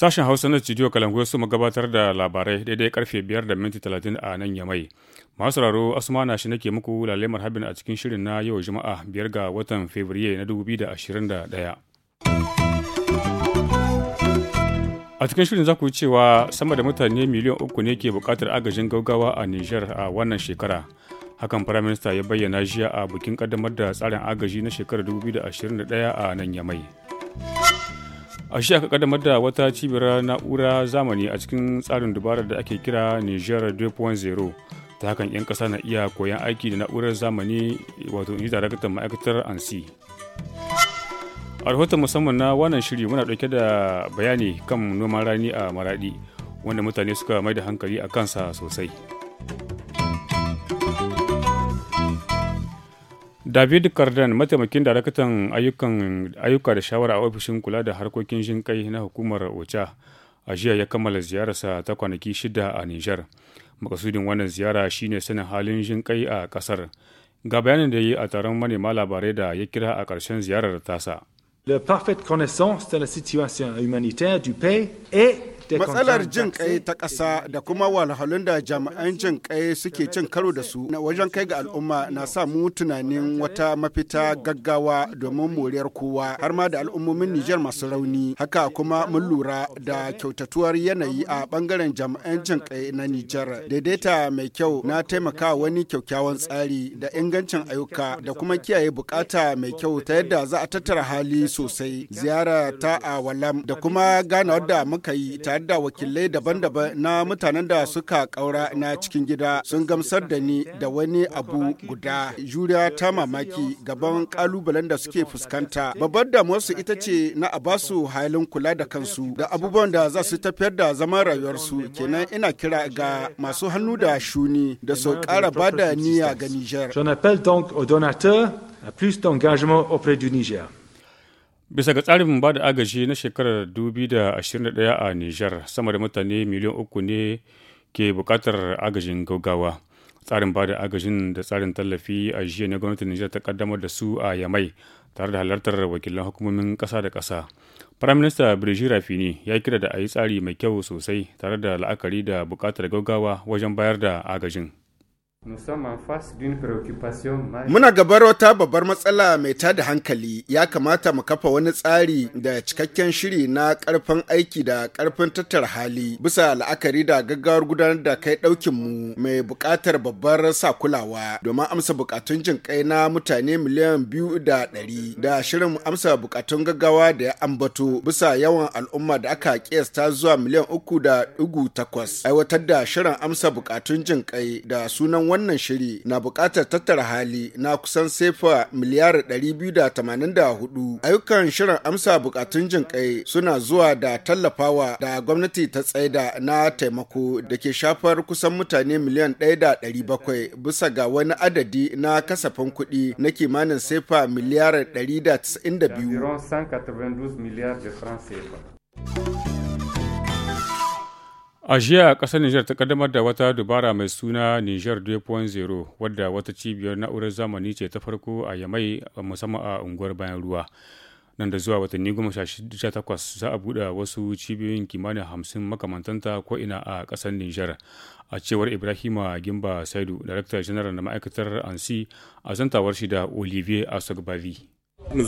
Sashen Hausa na studio Kalangu su gabatar da labarai daidai karfe 5 da minti 30 a nan Yamai. Masu sauraro Asma na shi nake muku lalemar habin a cikin shirin na yau Juma'a 5 ga watan Fabrairu na 2021. a cikin shirin za ku yi cewa sama da mutane miliyan uku ne ke bukatar agajin gaugawa a niger a wannan shekara hakan firaminista ya bayyana jiya a bikin kaddamar da tsarin agaji na shekarar 2021 a nan yamai a shi aka kaddamar da wata cibiyar na'ura zamani a cikin tsarin dubarar da ake kira niger 2.0 ta hakan 'yan ƙasa na iya koyan aiki da na'urar zamani wato in daraktan ma'aikatar ansi a rahoton musamman na wannan shiri muna dauke da bayani kan noman rani a maraɗi wanda mutane suka mai da hankali a kansa sosai david cardan mataimakin daraktan ayyuka da shawara a ofishin kula da harkokin jinƙai na hukumar ocha a jiya ya kammala ziyararsa ta kwanaki shida a niger Makasudin wannan ziyara shine sanin halin jin kai a kasar. Ga bayanin da yi a taron manema labarai da ya kira a ƙarshen ziyarar tasa. de parfaite connaissance de la situation humanitaire du pays et matsalar jin kai ta ƙasa da kuma walhalun da jami'an jin kai suke cin karo da su wajen kai ga al'umma na sa mu tunanin wata mafita gaggawa domin moriyar kowa har ma da al'ummomin Nijar masu rauni haka kuma mun lura da kyautatuwar yanayi a bangaren jami'an jin kai na Nijar daidaita mai kyau na taimaka wani kyakkyawan tsari da ingancin ayyuka da kuma kiyaye bukata mai kyau ta yadda za a tattara hali sosai ziyara ta a walam da kuma ganawar da muka yi tare tare da wakilai daban-daban na mutanen da suka kaura na cikin gida sun gamsar da ni da wani abu guda juriya ta mamaki gaban kalubalen da suke fuskanta babbar damuwarsu ita ce na a basu halin kula da kansu da abubuwan da za su tafiyar da zaman rayuwarsu kenan ina kira ga masu hannu da shuni da su kara bada niyya ga Niger. J'en appelle donc aux donateurs plus d'engagement auprès du Niger. Bisa ga tsarin ba da agaji na shekarar 2021 a Nijar, sama da mutane miliyan uku ne ke bukatar agajin gaugawa. Tsarin ba da agajin da tsarin tallafi a jiya na gwamnatin Nijar ta kaddamar da su a Yamai tare da halartar wakilan hukumomin ƙasa da ƙasa. Firaminista Birji Rafini ya kira da a yi tsari mai kyau sosai tare da la'akari da bukatar gaugawa wajen bayar da agajin. Muna gabar wata babbar matsala mai tada hankali ya kamata mu kafa wani tsari da cikakken shiri na karfin aiki da karfin tattara hali bisa la'akari da gaggawar gudanar da kai ɗaukin mu mai bukatar babbar sa kulawa domin amsa bukatun jin kai na mutane miliyan biyu da dari, da shirin amsa bukatun gaggawa da ya ambato bisa yawan al'umma da aka kiyasta zuwa miliyan uku da ɗigo takwas aiwatar da shirin amsa bukatun jin kai da sunan wannan shiri na bukatar tattara hali na kusan sefa miliyar 284 ayyukan shirin amsa bukatun jin kai suna zuwa da tallafawa da gwamnati ta tsaida na taimako da ke shafar kusan mutane miliyan 1.700 bisa ga wani adadi na kasafin kuɗi na kimanin sefa miliyar 192 A jiya ƙasar Nijar ta kaddamar da wata dubara mai suna Nijar 2.0 wadda wata cibiyar na'urar zamani ce ta farko a Yamai musamman a unguwar bayan ruwa. Nan da zuwa watanni goma sha takwas za a buɗe wasu cibiyoyin kimanin hamsin makamantanta ko ina a ƙasar Nijar. A cewar Ibrahima Gimba Saidu, daraktar Janar na ma'aikatar ANSI a zantawar shi da Olivier Asogbavi. Mun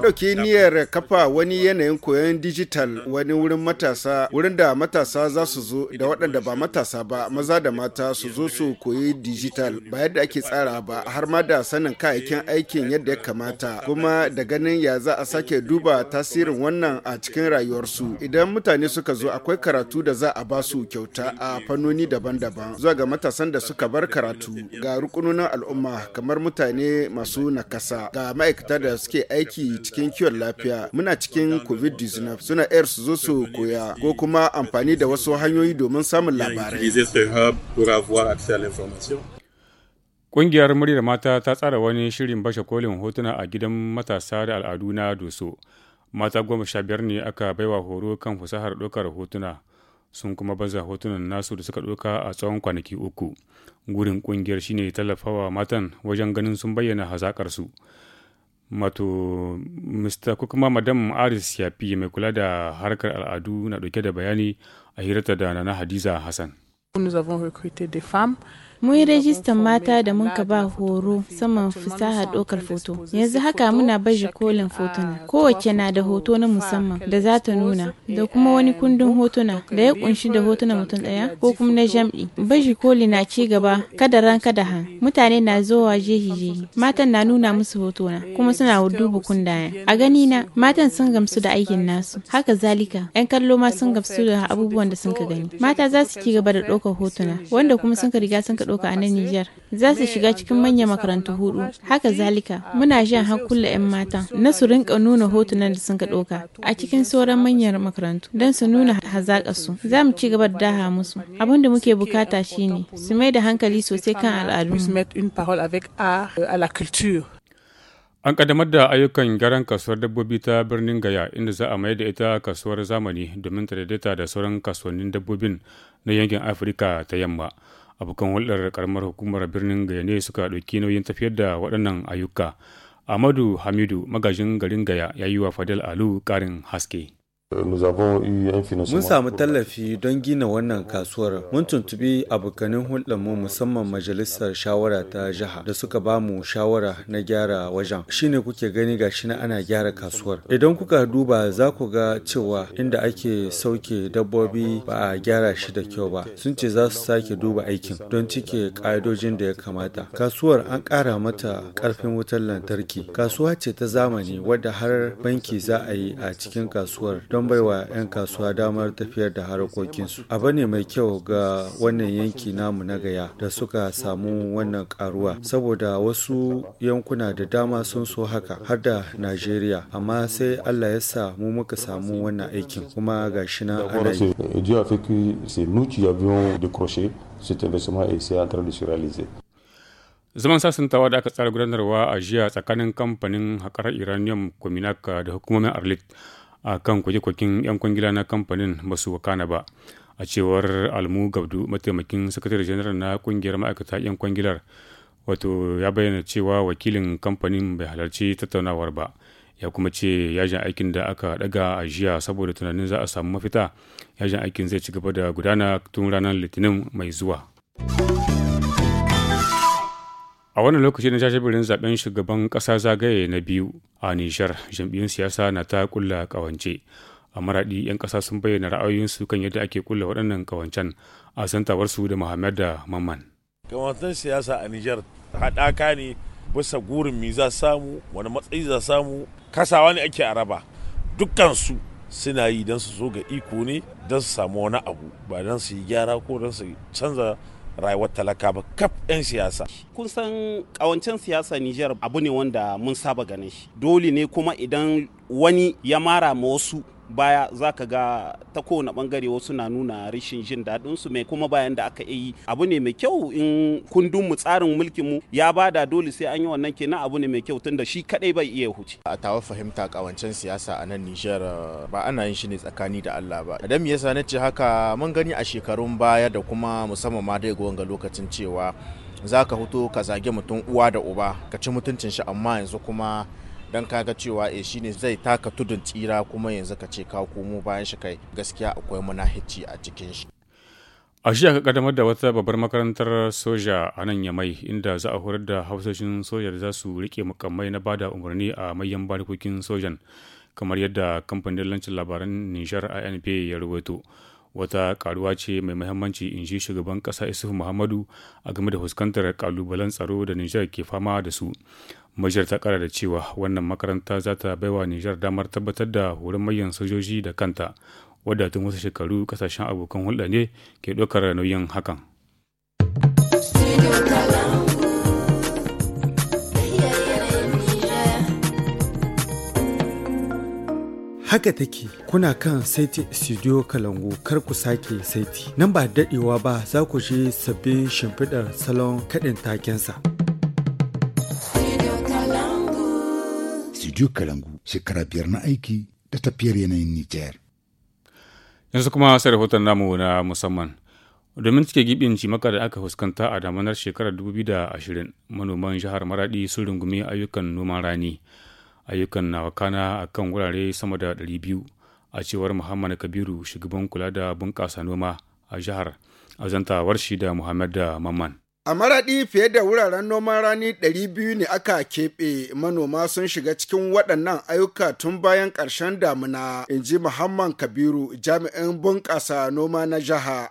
ɗauki niyyar kafa wani yanayin koyon dijital wani wurin matasa, wurin da matasa za su zo da waɗanda ba matasa ba, maza da mata su zo su koyi dijital ba yadda ake tsara ba, har ma da sanin kayayyakin aikin yadda ya kamata, kuma da ganin ya za a sake duba tasirin wannan a cikin rayuwarsu. Idan mutane suka zo akwai karatu da za a ba su kyauta a fannoni daban-daban, zuwa ga matasan da suka bar karatu ga rukunonin al'umma kamar mutane masu na kasa ga ma'aikata da suke aiki cikin kiwon lafiya muna cikin covid-19 suna yar su zo su koya ko kuma amfani da wasu hanyoyi domin samun labarai Ƙungiyar muryar mata ta tsara wani shirin bashe kolin hotuna a gidan matasa da al'adu na Doso. Mata goma sha biyar ne aka baiwa horo kan fasahar ɗaukar hotuna. sun kuma baza hotunan nasu da suka ɗauka a tsawon kwanaki uku gurin ƙungiyar shine tallafawa matan wajen ganin sun bayyana hazaƙarsu mato mista ko kuma madam aris yafi mai kula da harkar al'adu na ɗauke da bayani a hirarta da nana hadiza hassan mun yi rajistan mata da mun ka ba horo saman fasaha ɗaukar foto yanzu haka muna baje kolin fotuna kowace na da hoto na musamman da za ta nuna da kuma wani kundin hotuna da ya kunshi da hotuna mutum ɗaya ko kuma na jam'i baje koli na ci gaba kada ran kada han mutane na zuwa jehi jehi matan na nuna musu hotuna kuma suna duba kundaya a gani na matan sun gamsu da aikin nasu haka zalika yan kallo ma sun gamsu da abubuwan da sun ka gani mata za su ci gaba da ɗaukar hotuna wanda kuma sun ka riga sun ka ɗauka a nan Nijar za su shiga cikin manyan makarantu hudu. Haka zalika muna shan hankula 'yan matan na su rinka nuna hotunan da sun ka ɗauka a cikin sauran manyan makarantu don su nuna hazaƙarsu. Za mu ci gaba da daha musu. Abin da muke bukata shine su mai da hankali sosai kan al'adu. Euh, An kaddamar da ayyukan gyaran kasuwar dabbobi ta birnin Gaya inda za a mayar da ita kasuwar zamani domin ta da sauran kasuwannin dabbobin na yankin Afirka ta yamma. abokan hulɗar karamar hukumar birnin gaya ne suka ɗauki nauyin tafiyar da waɗannan ayyuka amadu hamidu magajin garin gaya ya yi wa fadil alu ƙarin haske Euh, Mun samu tallafi don gina wannan kasuwar. Mun tuntubi abokanin mu musamman majalisar shawara ta jiha da suka ba mu shawara na gyara wajen. Shine kuke gani ga shi ana gyara kasuwar. Idan kuka duba za ku ga cewa inda ake sauke dabbobi ba a gyara shi da kyau ba. Sun ce za su sake duba aikin don cike ƙa'idojin da ya kamata. Kasuwar an ƙara mata ƙarfin wutar lantarki. Kasuwa ce ta zamani wadda har banki za a yi a cikin kasuwar. don baiwa 'yan kasuwa damar tafiyar da harkokinsu abu ne mai kyau ga wannan yanki namu na gaya da suka samu wannan karuwa saboda wasu yankuna da dama sun so haka har da najeriya amma sai allah ya sa mu muka samu wannan aikin kuma ga shi na zaman sasantawa da aka tsara gudanarwa a jiya tsakanin kamfanin haƙar iranium kominaka da hukumomin arlit a kan kwake kwakin 'yan kwangila na kamfanin ba su wakana ba a cewar almu gabdu mataimakin sakatare janar na kungiyar ma'aikata 'yan kwangilar wato ya bayyana cewa wakilin kamfanin bai halarci tattaunawar ba ya kuma ce yajin aikin da aka daga a jiya saboda tunanin za a samu mafita yajin aikin zai ci gaba da gudana tun ranar litinin mai zuwa. a wani lokaci na jajibirin zaben shugaban kasa zagaye na biyu a nijar jam'iyyun siyasa na ta kulla kawance a maraɗi 'yan ƙasa sun bayyana ra'ayoyinsu kan yadda ake kulla waɗannan kawancen a su da muhammad da mamman kawancen siyasa a nijar haɗaka ne bisa gurin mi za samu wani matsayi za samu kasawa ne ake araba dukkansu suna yi don su zo ga iko ne don su samu wani abu ba don su yi gyara ko don su canza rayuwar talaka ba kaf 'yan siyasa. Kun san kawancen siyasa Nijar abu ne wanda mun saba ganin shi. Dole ne kuma idan wani ya mara ma wasu baya za ka ga ta kowane bangare wasu na nuna rashin jin daɗin su mai kuma bayan da aka yi abu ne mai kyau in kundin mu tsarin mulkinmu ya bada dole sai an yi wannan kenan abu ne mai kyau tunda shi kadai bai iya huce a tawa fahimta kawancen siyasa a nan Nijar uh, ba ana yin shi ne tsakani da Allah ba idan me yasa nace haka mun gani a shekarun baya da kuma musamman ma dai ga lokacin cewa za ka huto ka zage mutum uwa da uba ka ci mutuncin shi amma yanzu kuma don kaga cewa eh shine zai taka tudun tsira kuma yanzu ka ce ka komo bayan shi kai gaskiya akwai munahici a cikin shi a shi aka kaddamar da wata babbar makarantar soja a nan yamai inda za a horar da hausashin soja da za su rike makamai na bada umarni a manyan barikokin sojan kamar yadda kamfanin lancin labaran nishar inp ya rubuto wata karuwa ce mai muhimmanci in ji shugaban kasa isuf muhammadu a game da fuskantar kalubalen tsaro da nijar ke fama da su Majiyar ta kara da cewa wannan makaranta za ta wa Nijar damar tabbatar da horon manyan sojoji da kanta, wadda tun wasu shekaru kasashen abokan hulɗa ne ke ɗaukar nauyin hakan. haka take kuna kan saiti studio kalangu kar ku sake saiti nan ba dadewa ba za ku je sabbin shimfiɗar salon kaɗin takensa. studio kalangu shekara biyar na aiki da tafiyar yanayin nijar yanzu kuma sai rahoton namu na musamman domin cike gibin cimaka da aka fuskanta a damanar shekarar 2020 manoman jihar maradi sun rungumi ayyukan noman rani ayyukan na wakana a kan wurare sama da 200 a cewar muhammad kabiru shugaban kula da bunƙasa noma a jihar a zantawar shi da muhammad da mamman A maraɗi fiye da wuraren noman rani 200 ne aka keɓe manoma sun shiga cikin waɗannan ayyuka tun bayan ƙarshen damina, in ji Muhammad Kabiru jami'in bunƙasa noma na jiha.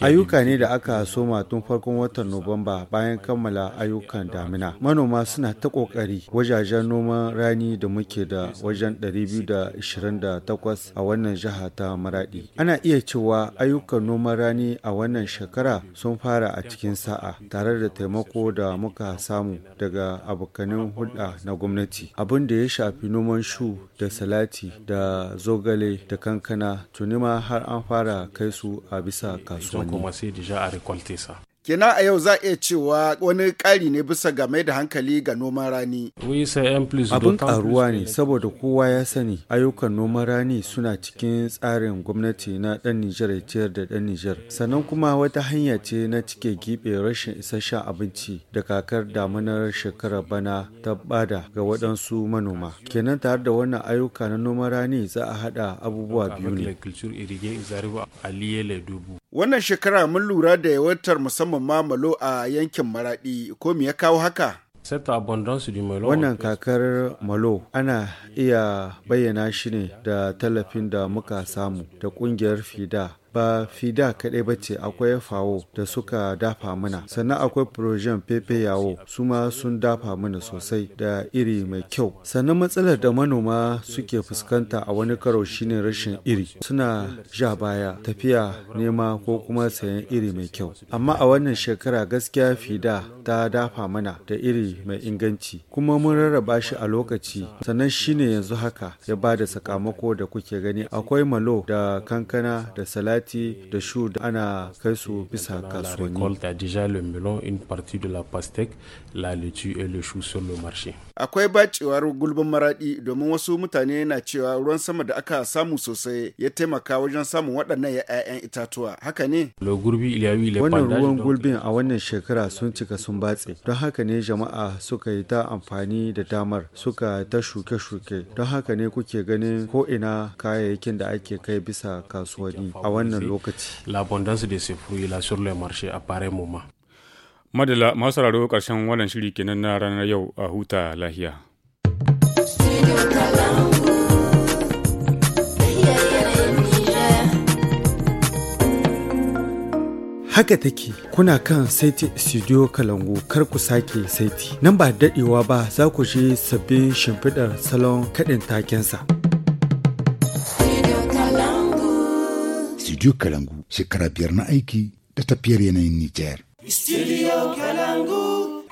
Ayyuka ne da aka soma tun farkon watan Nuwamba bayan kammala ayyukan damina. Manoma suna ta ƙoƙari wajajen noman rani da muke da wajen 228 a wannan jiha ta maraɗi. Ana iya cewa ayyukan noman rani a wannan shekara sun fara a cikin sa'a. jama'a tare da taimako da muka samu daga abokanin hulɗa na gwamnati abin da ya shafi noman shu da salati da zogale da kankana tuni ma har an fara kai su a bisa kasuwanni Kina a yau za a iya cewa wani ƙari ne bisa ga mai da hankali ga noman rani. Abin ƙaruwa ne saboda kowa ya sani ayyukan noman rani suna cikin tsarin gwamnati na ɗan Nijar ya ciyar da ɗan Nijar. Sannan kuma wata hanya ce na cike giɓe rashin isasshen abinci da kakar damunar shekarar bana ta bada ga waɗansu manoma. Kenan tare da wannan ayyuka na noman rani za a haɗa abubuwa biyu ne. Wannan shekara mun lura da yawaitar musamman samun mamalo a yankin Maradi ko me ya kawo haka? Wannan kakar malo ana iya bayyana shi ne da tallafin da muka samu da kungiyar FIDA ba fida kaɗai ba ce akwai fawo da suka dafa mana sannan akwai projen pepe yawo su ma sun dafa mana sosai da iri mai kyau sannan matsalar da manoma suke fuskanta a wani karo shine rashin iri suna ja baya tafiya nema ko kuma sayan iri mai kyau amma a wannan shekara gaskiya fida ta dafa mana da iri mai inganci kuma mun rarraba shi a lokaci sannan shine yanzu haka ya ba da sakamako da kuke gani akwai malo da kankana da salati kati da shu da ana kai su bisa kasuwanni. Akwai bacewar gulbin maraɗi domin wasu mutane na cewa ruwan sama da aka samu sosai ya taimaka wajen samun waɗannan 'ya'yan itatuwa haka ne? Wannan ruwan gulbin euh, a wannan shekara sun cika sun batse don haka ne jama'a suka yi ta amfani da damar suka ta shuke-shuke don haka ne kuke ganin ko ina kayayyakin da ake kai bisa kasuwanni a wannan wannan lokaci l'abondance de ces fruits là sur le marché a pareil moment madala masu sauraro karshen wannan shiri kenan na ranar yau a huta lahiya haka take kuna kan saiti studio kalangu kar ku sake saiti nan ba daɗewa ba za ku je sabbin shimfiɗar salon kaɗin takensa. Studio Kalangu shekara biyar na aiki da tafiyar yanayin Nijar.